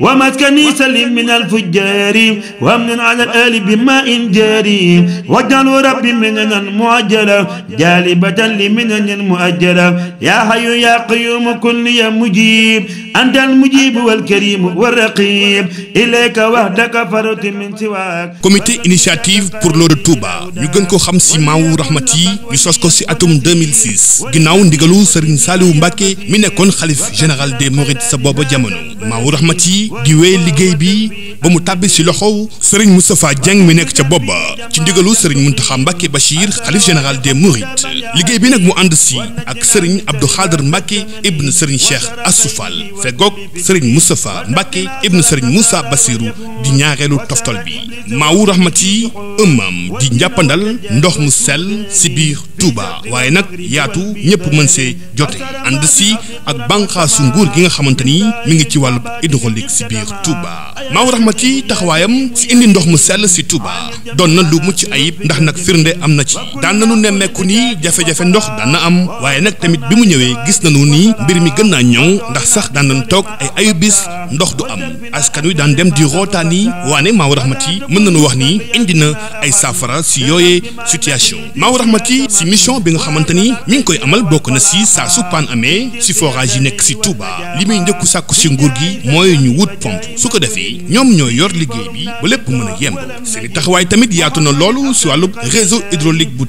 ومسكني سليم من الفجار وامن على الآل بماء جاري واجعل mu مننا معجلة جالبة لمنن المؤجلة يا حي يا قيوم كن لي مجيب أنت المجيب والكريم والرقيب إليك وحدك فرط من سواك comité initiative pour l'eau de Touba ñu gën ko xam si Maawu Rahmati ñu sos ko si atum 2006 ginnaaw ndigalu Serigne Saliou Mbacké mi nekkoon xalif général des Mourides sa booba jamono Maawu Rahmati gi di wéy liggéey bi ba mu tàbbi si loxow Serigne Moustapha Dieng mi nekk ca bobba ci ndigalu sëriñ Mountakha Mbacké Bachir xalif général des Mourides liggéey bi nag mu ànd si ak Serigne Abdou Khader Mbacké ibn Serigne Cheikh Assoufal fegoog Serigne Moustapha Mbacké ibn sëriñ Moussa Bassirou di ñaareelu toftal bi maawu rahmati ëmmam di njàppandal ndox mu sel si biir tuuba waaye nag yaatu ñëpp mën see jote ànd si ak bànqaasu nguur gi nga xamante ni mi ngi ci wàllu hydraulique si biir Touba Amati taxawaayam indi ndox mu sell ci Touba doon na lu mucc ayib ndax nag firnde am na ci daan nañu nemmeeku ni jafe ndox daan am waaye nag tamit bi mu ñëwee gis nañu ni mbir mi gën naa ñëw ndax sax daan nañ toog ay ayubis ndox du am askan wi daan dem di rootaani waane Maawu Rahmati mën nañu wax ni indi na ay saafara ci yooyee situation Maawu Rahmati ci mission bi nga xamante ni mi ngi koy amal bokk na si saa su paan amee ci forage yi nekk ci Touba li muy njëkku sàkku ci nguur gi mooy ñu wut pompe su ko defee ñoo yor liggéey bi ba lépp mën a yemb seeni waaye tamit yaatu na loolu si wàllu réseau hydraulique bu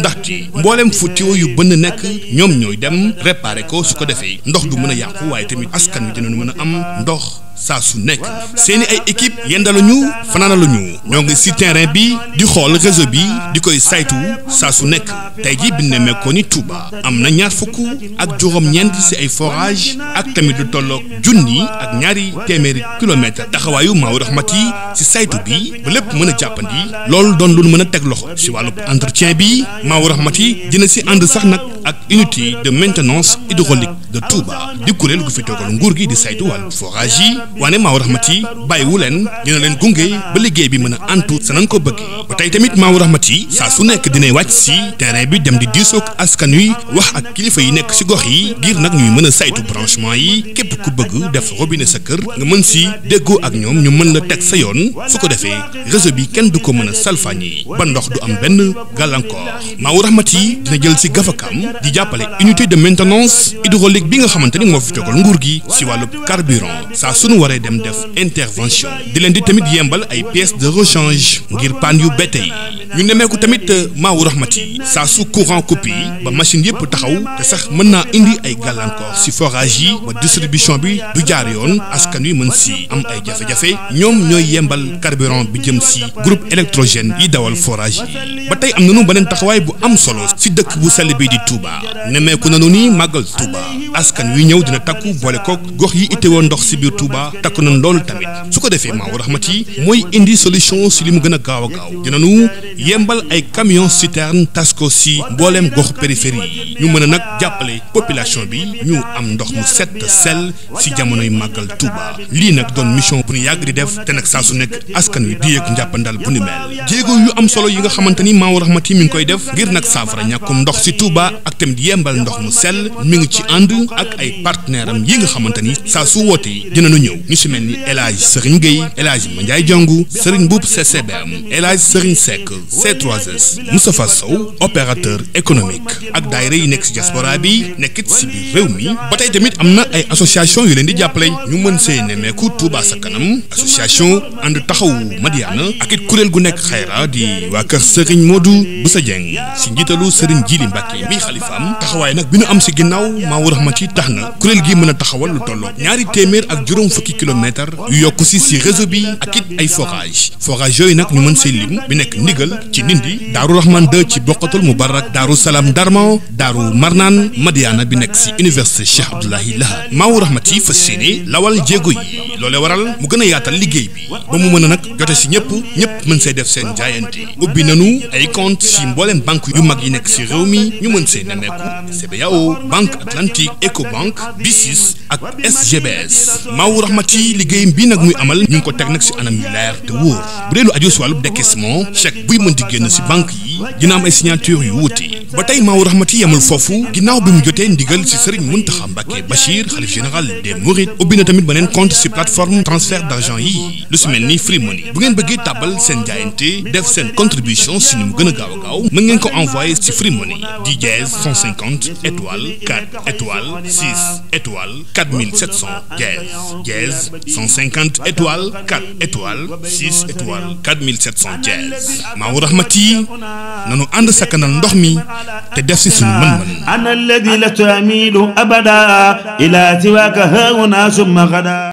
ndax ci mbooleem fu tuyau yu bënn nekk ñoom ñooy dem réparer ko su ko defee ndox du mën a yàqu waaye tamit askan wi dinañu mën a am ndox saa su nekk seeni ay équipe yendaluñu fanaanaluñu ñoo ngi si terrain bi di xool réseau bi di koy saytu saa su nekk tey ji bi nemmeekoo ni Touba am na ñaar fukk ak juróom-ñeent si ay forage ak tamit lu tolloog junni ak ñaari téeméeri kilomètre taxawaayu maaw raxmat ci si saytu bi ba lépp mën a jàppandi loolu doon lu mën a teg loxo si wàllu entretien bi maaw raxmat yi dina si ànd sax nag ak unité de maintenance hydraulique de Touba di kuréel gu fi toogal nguur gi di saytu wàllu forage yi waane Maaw Rahmati bàyyiwu leen dina gunge ba liggéey bi mën a antu sa nañ ko bëggee ba tey tamit Maaw Rahmati saa su nekk dinay wàcc si terrain bi dem di diisoog askan wi wax ak kilifa yi nekk si gox yi ngir nag ñuy mën a saytu branchement yi kepp ku bëgg def robinet sa kër nga mën si déggoo ak ñoom ñu mën la teg sa yoon su ko defee réseau bi kenn du ko mën a salfaañi ba ndox du am benn gàllankoor Maaw Rahmati dina jël si moo fi togal nguur gi si wàllu carburant sa sunu waree dem def intervention di leen di tamit yembal ay pièces de rechange ngir panne yu bette yi ñu nemmeeku tamit euh, maawu raxmati saa su courant coupé ba machine yëpp taxaw te sax mën naa indi ay gàllankoor si forage yi ba distribution bi du jaar yoon askan wi mën si am ay jafe-jafe ñoom ñooy yembal carburant bi jëm si groupe électrogène yi dawal forage yi ba tey am nañu beneen taxawaay bu am solo si dëkk bu sell bii di Touba nemmeeku nañu nii màggal Touba askan wi ñëw dina takku boole kook gox yi woon ndox si biir Touba takku nañ loolu tamit su ko defee maawu raxmati mooy indi solution si li mu gën a gaaw a gaaw yembal ay camion citerne tas ko si mbooleem gox périphérie yi ñu mën a nag jàppale population bi ñu am ndox mu set sel si jamonoy màggal Touba lii nag doon mission bu ñu yàgg di def te nag saa su nekk askan wi di yëg njàppandal bu ni mel jéego yu am solo yi nga xamante ni Maawu Rahmati mi ngi koy def ngir nag saafara ñàkkum ndox si Touba ak tamit yembal ndox mu sell mi ngi ci ànd ak ay partenaire am yi nga xamante ni saa su wootee nu ñëw ñu si mel ni El Serigne Gueye El Hadj Mandiaye Diongu Serigne Mboup CCBM Serigne Seck C3S Moustapha Sow opérateur économique ak daayira yi nekk ci diaspora bi nekkit ci biir réew mi ba tey tamit am na ay association yu leen di jàppale ñu mën see nemmeeku Touba sa kanam association ànd taxawu Madiana ak it kuréel gu nekk xayra di waa kër Serigne Modou Boussa Dieng ci njiitalu Serigne Djili Mbacke mi xalifaam taxawaay nag bi ñu am ci ginnaaw Maou Rahmati tax na kuréel gi mën a taxawal lu tolloo ñaari téeméer ak juróom fukki kilomètre yu yokku ci bi ak it ay forage forage yooyu nag ñu mën see lim bi nekk ndigal ci Nindi Daaru Rahman 2 ci Bokkatul Mubarak Daaru Salaam Darmo Daaru Marnaan Madiana bi nekk si université Cheikh Abdoulaye Laha Maawu Rahmati fas yéene lawal jéego yi loole waral mu gën a yaatal liggéey bi ba mu mën a nag jote si ñëpp ñëpp mën see def seen jaayante ubbi nanu ay compte si mbooleem banque yu mag yi nekk si réew mi ñu mën see nemmeeku CBAO Banque Atlantique Ecobank bisis ak SGBS Maawu Rahmati liggéey bi nag muy amal ñu ngi ko teg nag si anam yu leer te wóor bu dee lu aju si wàllu décaissement chèque buy mën di génn si banque yi dina am ay signature yu wuute ba tey maawu rahmati yemul foofu ginnaaw bi mu jotee ndigal ci sëriñ Muntaxa Mbàkke Bachir xalif général des Mourides ubbi na tamit beneen compte ci plateforme transfert d'argent yi lu ci mel ni Free bu ngeen bëggee tàbbal seen jaayante def seen contribution ci ni mu gën a gaaw a gaaw mën ngeen ko envoyé ci Free Money di dièse 150 étoile 4 étoile 6 étoile 4700 dièse dièse 150 étoile 4 étoile 6 étoile 4700 dièse maawu rahmati nanu ànd sakkanal ndox mi te def si suñu mën-mën. ana alladi la tuamilu abada ila siwaaka haahuna summa gada